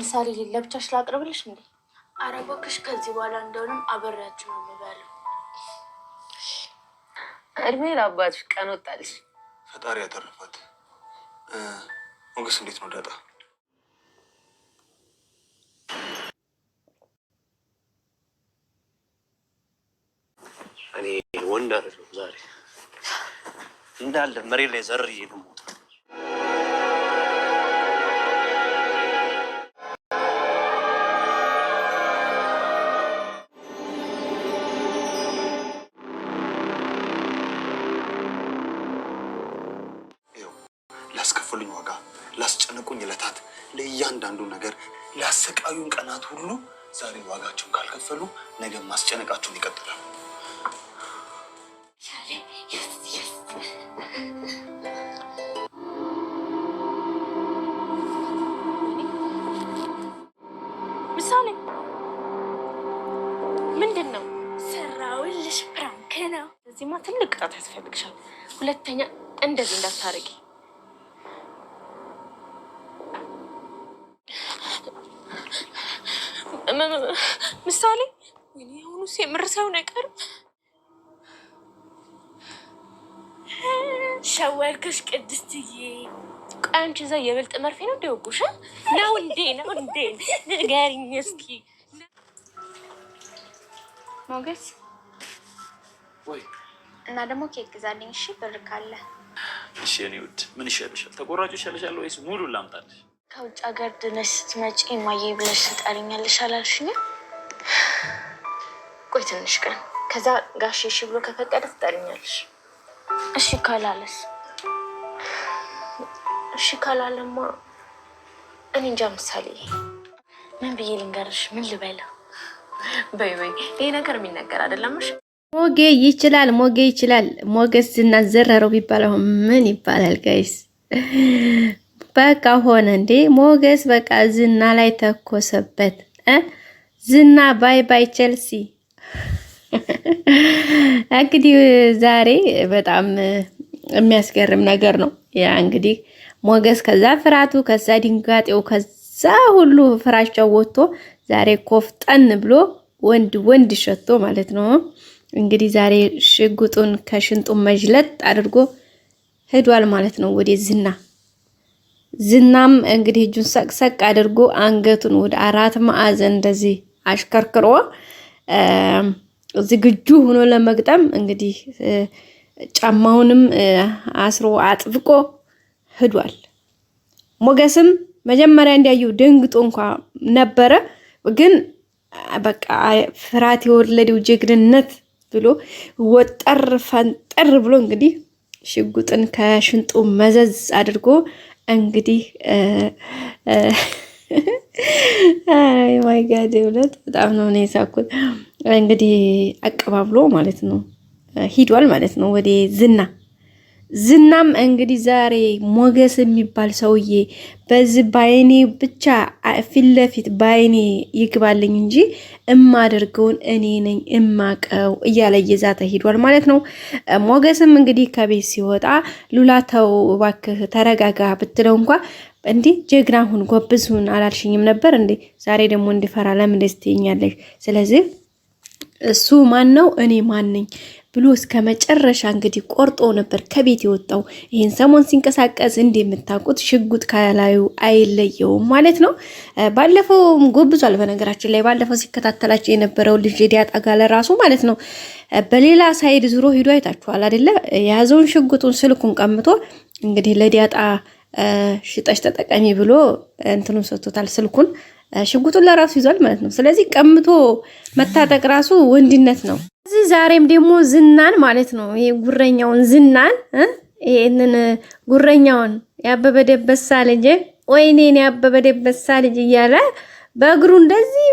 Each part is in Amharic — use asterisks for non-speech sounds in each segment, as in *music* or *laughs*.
ምሳሌ ሌለ ብቻ ስላቅርብልሽ እንዴ? ኧረ እባክሽ ከዚህ በኋላ እንደሆንም አበሬያችሁ ነው የምበለው። እድሜ ለአባትሽ ቀን ወጣልሽ። ፈጣሪ ያተረፋት። ሞገስ እንዴት ነው ዳጣ? እኔ ወንድ አይደለሁም ዛሬ እንዳለ መሬት ላይ ዘርዬ ነው ያሰቃዩን ቀናት ሁሉ ዛሬ ዋጋቸውን ካልከፈሉ ነገ ማስጨነቃቸውን ይቀጥላል። ምሳሌ ምንድን ነው ሰራውልሽ? ፕራንክ ነው። እዚህማ ትልቅ ቅጣት ያስፈልግሻል። ሁለተኛ እንደዚህ እንዳታረጊ ምሳሌ የሆኑ የምር ሳይሆን አይቀርም። ሸወልክሽ ቅድስትዬ። ቆይ አንቺ እዛ የብልጥ መርፌ ነው እንደወጉሽ ነው እንዴ? ነው እንዴ? ንገሪኝ እስኪ ሞገስ። እና ደግሞ ኬክ ግዛልኝ እሺ፣ ብር ካለ። እሺ የኔ ውድ ምን ይሻልሻል? ተቆራጮ ይሻልሻል ወይስ ሙሉ ላምጣልሽ? ከውጭ ሀገር ድነሽ ስትመጪ እማዬ ብለሽ ትጠሪኛለሽ አላልሽኝም? ቆይ ትንሽ ቀን፣ ከዛ ጋሼሽ እሺ ብሎ ከፈቀደ ትጠሪኛለሽ። እሺ ካላለስ? እሺ ካላለማ እኔ እንጃ። ምሳሌ ምን ብዬ ልንገርሽ? ምን ልበለው? በይ በይ፣ ይሄ ነገር የሚነገር አይደለምሽ። ሞጌ ይችላል፣ ሞጌ ይችላል። ሞገስ እና ዘረረው ቢባል አሁን ምን ይባላል ጋይስ? በቃ ሆነ እንዴ ሞገስ በቃ ዝና ላይ ተኮሰበት። ዝና ባይ ባይ ቸልሲ *laughs* እንግዲህ ዛሬ በጣም የሚያስገርም ነገር ነው። ያ እንግዲህ ሞገስ ከዛ ፍርሃቱ፣ ከዛ ድንጋጤው፣ ከዛ ሁሉ ፍራቸው ወጥቶ ዛሬ ኮፍጠን ብሎ ወንድ ወንድ ሸቶ ማለት ነው። እንግዲህ ዛሬ ሽጉጡን ከሽንጡ መጅለጥ አድርጎ ሄዷል ማለት ነው ወደ ዝና ዝናም እንግዲህ እጁን ሰቅሰቅ አድርጎ አንገቱን ወደ አራት ማዕዘን እንደዚህ አሽከርክሮ ዝግጁ ሆኖ ለመግጠም እንግዲህ ጫማውንም አስሮ አጥብቆ ሂዷል። ሞገስም መጀመሪያ እንዲያዩ ደንግጦ እንኳ ነበረ። ግን በቃ ፍርሃት የወለደው ጀግንነት ብሎ ወጠር ፈንጠር ብሎ እንግዲህ ሽጉጥን ከሽንጡ መዘዝ አድርጎ እንግዲህ አይ ማይ ጋድ እውነት በጣም ነው ነው የሳኩት። እንግዲህ አቀባብሎ ማለት ነው ሂዷል ማለት ነው ወደ ዝና ዝናም እንግዲህ ዛሬ ሞገስ የሚባል ሰውዬ በዚህ ባይኔ ብቻ ፊት ለፊት በአይኔ ይግባልኝ እንጂ እማደርገውን እኔ ነኝ እማቀው እያለ እየዛተ ሂዷል ማለት ነው። ሞገስም እንግዲህ ከቤት ሲወጣ ሉላ ተው እባክህ ተረጋጋ ብትለው እንኳ እንዴ ጀግና ሁን ጎብዝ ሁን አላልሽኝም ነበር እንዴ? ዛሬ ደግሞ እንዲፈራ ለምን ደስ ትይኛለሽ? ስለዚህ እሱ ማን ነው እኔ ማን ነኝ ብሎ እስከ መጨረሻ እንግዲህ ቆርጦ ነበር ከቤት የወጣው። ይህን ሰሞን ሲንቀሳቀስ እንደምታውቁት ሽጉጥ ከላዩ አይለየውም ማለት ነው። ባለፈውም ጎብዟል። በነገራችን ላይ ባለፈው ሲከታተላቸው የነበረው ልጅ ዲያጣ ጋለ ራሱ ማለት ነው። በሌላ ሳይድ ዙሮ ሂዶ አይታችኋል አይደለ? የያዘውን ሽጉጡን ስልኩን ቀምቶ እንግዲህ ለዲያጣ ሽጠሽ ተጠቀሚ ብሎ እንትኑን ሰጥቶታል ስልኩን ሽጉጡን ለራሱ ይዟል ማለት ነው። ስለዚህ ቀምቶ መታጠቅ ራሱ ወንድነት ነው። እዚህ ዛሬም ደግሞ ዝናን ማለት ነው ይሄ ጉረኛውን ዝናን ይህንን ጉረኛውን ያበበ ደበሳ ልጅ ወይኔን ያበበ ደበሳ ልጅ እያለ በእግሩ እንደዚህ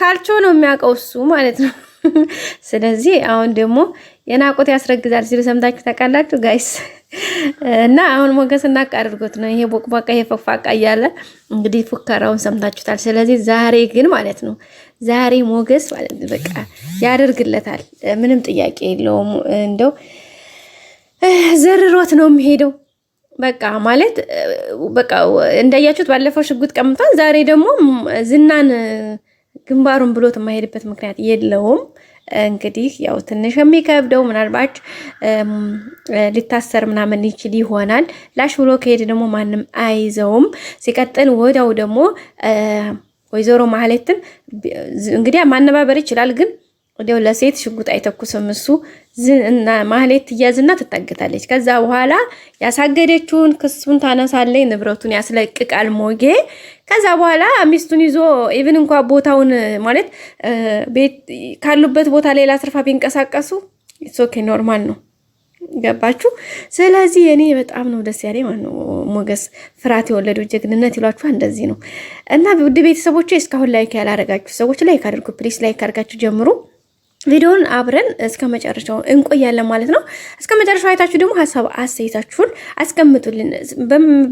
ካልቾ ነው የሚያውቀው እሱ ማለት ነው። *laughs* ስለዚህ አሁን ደግሞ የናቆት ያስረግዛል ሲሉ ሰምታችሁ ታውቃላችሁ ጋይስ። እና አሁን ሞገስ እናቅ አድርጎት ነው ይሄ ቦቅቧቃ ይሄ ፈፋቃ እያለ እንግዲህ ፉከራውን ሰምታችሁታል። ስለዚህ ዛሬ ግን ማለት ነው ዛሬ ሞገስ ማለት በቃ ያደርግለታል። ምንም ጥያቄ የለውም። እንደው ዘርሮት ነው የሚሄደው። በቃ ማለት በቃ እንዳያችሁት ባለፈው ሽጉጥ ቀምቷል። ዛሬ ደግሞ ዝናን ግንባሩን ብሎት የማይሄድበት ምክንያት የለውም። እንግዲህ ያው ትንሽ የሚከብደው ምናልባት ሊታሰር ምናምን ይችል ይሆናል። ላሽ ብሎ ከሄድ ደግሞ ማንም አይዘውም። ሲቀጥል ወዳው ደግሞ ወይዘሮ ማህሌትን እንግዲህ ማነባበር ይችላል ግን ወዲያው ለሴት ሽጉጥ አይተኩስም እሱ ዝና ማህሌት ትያዝና ትታገታለች። ከዛ በኋላ ያሳገደችውን ክሱን ታነሳለች፣ ንብረቱን ያስለቅቃል ሞጌ። ከዛ በኋላ ሚስቱን ይዞ ኢቭን እንኳ ቦታውን ማለት ካሉበት ቦታ ላይ ላስርፋ ቢንቀሳቀሱ ኦኬ ኖርማል ነው። ገባችሁ? ስለዚህ እኔ በጣም ነው ደስ ያለኝ ማለት ነው። ሞገስ ፍርሃት የወለደው ጀግንነት ይሏችሁ እንደዚህ ነው። እና ውድ ቤተሰቦች እስካሁን ላይክ ያላረጋችሁ ሰዎች ላይክ አድርጉ ፕሊስ፣ ላይክ አድርጋችሁ ጀምሩ። ቪዲዮውን አብረን እስከ መጨረሻው እንቆያለን ማለት ነው። እስከ መጨረሻው አይታችሁ ደግሞ ሀሳብ አስተያየታችሁን አስቀምጡልን።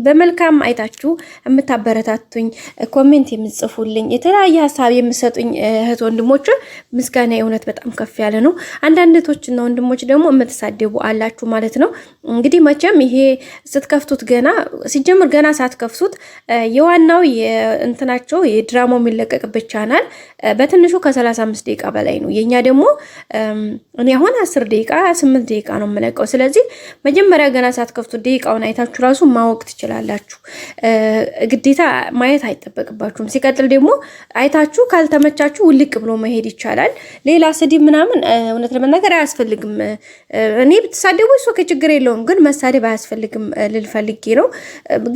በመልካም አይታችሁ የምታበረታቱኝ፣ ኮሜንት የምጽፉልኝ፣ የተለያየ ሀሳብ የምሰጡኝ እህት ወንድሞች ምስጋና የእውነት በጣም ከፍ ያለ ነው። አንዳንድ እህቶችና ወንድሞች ደግሞ የምትሳደቡ አላችሁ ማለት ነው። እንግዲህ መቼም ይሄ ስትከፍቱት ገና ሲጀምር ገና ሳትከፍቱት የዋናው የእንትናቸው የድራማው የሚለቀቅበት ቻናል በትንሹ ከ35 ደቂቃ በላይ ነው። የእኛ ደግሞ ደግሞ እኔ አሁን አስር ደቂቃ ስምንት ደቂቃ ነው የምለቀው። ስለዚህ መጀመሪያ ገና ሳትከፍቱ ደቂቃውን አይታችሁ ራሱ ማወቅ ትችላላችሁ። ግዴታ ማየት አይጠበቅባችሁም። ሲቀጥል ደግሞ አይታችሁ ካልተመቻችሁ ውልቅ ብሎ መሄድ ይቻላል። ሌላ ስድብ ምናምን እውነት ለመናገር አያስፈልግም። እኔ ብትሳደቡ እሱ ከችግር የለውም፣ ግን መሳደብ አያስፈልግም ልልፈልጌ ፈልጌ ነው።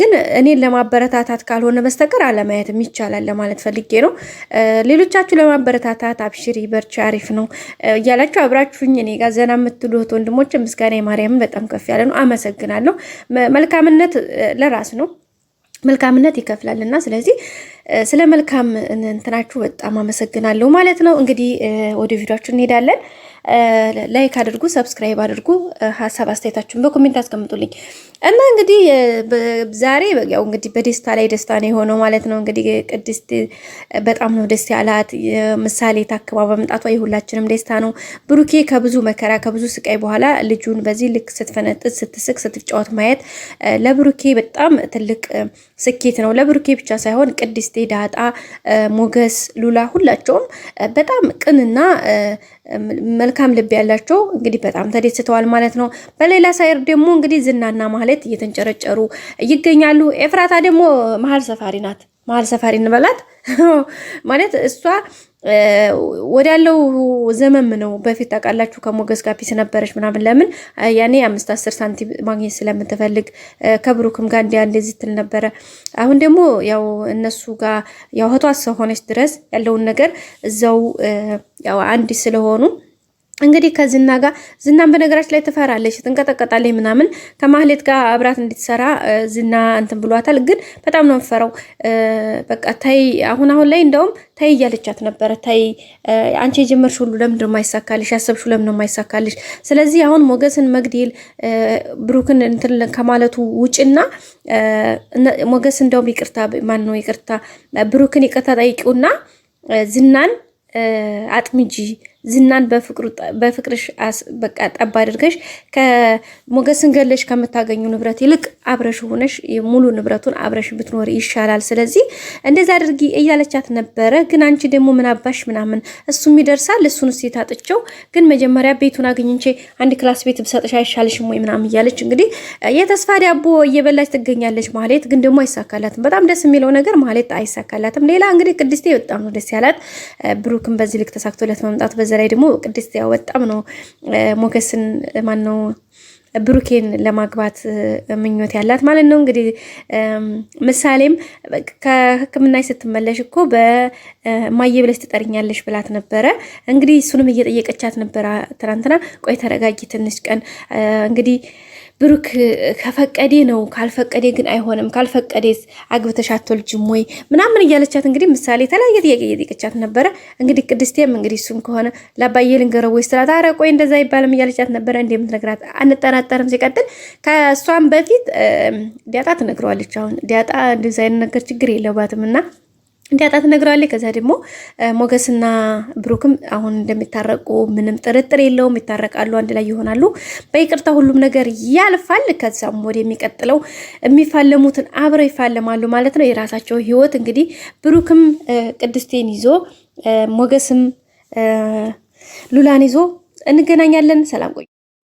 ግን እኔን ለማበረታታት ካልሆነ በስተቀር አለማየትም ይቻላል ለማለት ፈልጌ ነው። ሌሎቻችሁ ለማበረታታት አብሽሪ፣ በርቺ፣ አሪፍ ነው እያላችሁ አብራችሁኝ እኔ ጋር ዘና የምትሉት ወንድሞች ምስጋና የማርያምን በጣም ከፍ ያለ ነው። አመሰግናለሁ። መልካምነት ለራስ ነው። መልካምነት ይከፍላል እና ስለዚህ ስለ መልካም እንትናችሁ በጣም አመሰግናለሁ ማለት ነው። እንግዲህ ወደ ቪዲዮአችሁ እንሄዳለን። ላይክ አድርጉ፣ ሰብስክራይብ አድርጉ፣ ሀሳብ አስተያየታችሁን በኮሜንት አስቀምጡልኝ እና እንግዲህ ዛሬ ያው እንግዲህ በደስታ ላይ ደስታ ነው የሆነው ማለት ነው። እንግዲህ ቅድስት በጣም ነው ደስ ያላት ምሳሌ ታክባ በመምጣቷ የሁላችንም ደስታ ነው። ብሩኬ ከብዙ መከራ ከብዙ ስቃይ በኋላ ልጁን በዚህ ልክ ስትፈነጥዝ፣ ስትስቅ፣ ስትጫወት ማየት ለብሩኬ በጣም ትልቅ ስኬት ነው። ለብሩኬ ብቻ ሳይሆን ቅድስቴ፣ ዳጣ፣ ሞገስ፣ ሉላ ሁላቸውም በጣም ቅንና መልካም ልብ ያላቸው እንግዲህ በጣም ተደስተዋል ማለት ነው። በሌላ ሳይር ደግሞ እንግዲህ ዝናና ማህሌት እየተንጨረጨሩ ይገኛሉ። ኤፍራታ ደግሞ መሀል ሰፋሪ ናት። መሀል ሰፋሪ እንበላት *laughs* ማለት እሷ ወዳለው ዘመም ነው። በፊት ታውቃላችሁ ከሞገስ ጋር ፒስ ነበረች ምናምን። ለምን ያኔ አምስት አስር ሳንቲም ማግኘት ስለምትፈልግ ከብሩክም ጋር እንዲያ እንደዚህ ትል ነበረ። አሁን ደግሞ ያው እነሱ ጋር ያው እህቷ ሰው ሆነች ድረስ ያለውን ነገር እዛው ያው አንድ ስለሆኑ እንግዲህ ከዝና ጋር ዝናን በነገራች ላይ ትፈራለች፣ ትንቀጠቀጣለች ምናምን ከማህሌት ጋር አብራት እንድትሰራ ዝና እንትን ብሏታል። ግን በጣም ነው የምፈራው። በቃ ታይ አሁን አሁን ላይ እንደውም ታይ እያለቻት ነበረ። ታይ አንቺ የጀመርሽ ሁሉ ለምንድን ነው የማይሳካልሽ? ያሰብሽ ለምን ነው የማይሳካልሽ? ስለዚህ አሁን ሞገስን መግደል ብሩክን እንትን ከማለቱ ውጭና ሞገስ እንደውም ይቅርታ ማን ነው ይቅርታ ብሩክን ይቅርታ ጠይቂውና ዝናን አጥምጂ ዝናን በፍቅርሽ በቃ ጠብ አድርገሽ ከሞገስን ገለሽ ከምታገኙ ንብረት ይልቅ አብረሽ ሆነሽ ሙሉ ንብረቱን አብረሽ ብትኖር ይሻላል። ስለዚህ እንደዛ አድርጊ እያለቻት ነበረ። ግን አንቺ ደግሞ ምናባሽ ምናምን እሱም ይደርሳል። እሱን ስ የታጥቸው ግን መጀመሪያ ቤቱን አግኝቼ አንድ ክላስ ቤት ብሰጥሽ አይሻልሽም ወይ ምናምን እያለች እንግዲህ የተስፋ ዳቦ እየበላች ትገኛለች። ማለት ግን ደግሞ አይሳካላትም። በጣም ደስ የሚለው ነገር ማለት አይሳካላትም። ሌላ እንግዲህ ቅድስቴ በጣም ነው ደስ ያላት። ብሩክን በዚህ ልክ ተሳክቶለት መምጣት በዛ ላይ ደግሞ ቅድስት ያው በጣም ነው ሞገስን ማን ነው ብሩኬን ለማግባት ምኞት ያላት ማለት ነው። እንግዲህ ምሳሌም ከሕክምና ስትመለሽ እኮ በማየ ብለሽ ትጠርኛለሽ ብላት ነበረ። እንግዲህ እሱንም እየጠየቀቻት ነበረ ትናንትና። ቆይ ተረጋጊ ትንሽ ቀን እንግዲህ ብሩክ ከፈቀዴ ነው፣ ካልፈቀዴ ግን አይሆንም፣ ካልፈቀዴስ አግብተሽ አትወልጂም ወይ ምናምን እያለቻት እንግዲህ ምሳሌ የተለያየ ጥያቄ እየጠየቀቻት ነበረ። እንግዲህ ቅድስቴም እንግዲህ እሱም ከሆነ ለአባዬ ልንገረው ወይ ስላት፣ ኧረ ቆይ እንደዛ አይባልም እያለቻት ነበረ። እንደምትነግራት አንጠራጠርም። ሲቀጥል ከእሷም በፊት ዲያጣ ትነግረዋለች። አሁን ዲያጣ እንደዛ አይነት ነገር ችግር የለባትም እና እንዲያጣት ትነግረዋለች። ከዛ ደግሞ ሞገስና ብሩክም አሁን እንደሚታረቁ ምንም ጥርጥር የለውም። ይታረቃሉ፣ አንድ ላይ ይሆናሉ። በይቅርታ ሁሉም ነገር ያልፋል። ከዛም ወደ የሚቀጥለው የሚፋለሙትን አብረው ይፋለማሉ ማለት ነው። የራሳቸው ህይወት እንግዲህ ብሩክም ቅድስቴን ይዞ ሞገስም ሉላን ይዞ እንገናኛለን። ሰላም ቆዩ።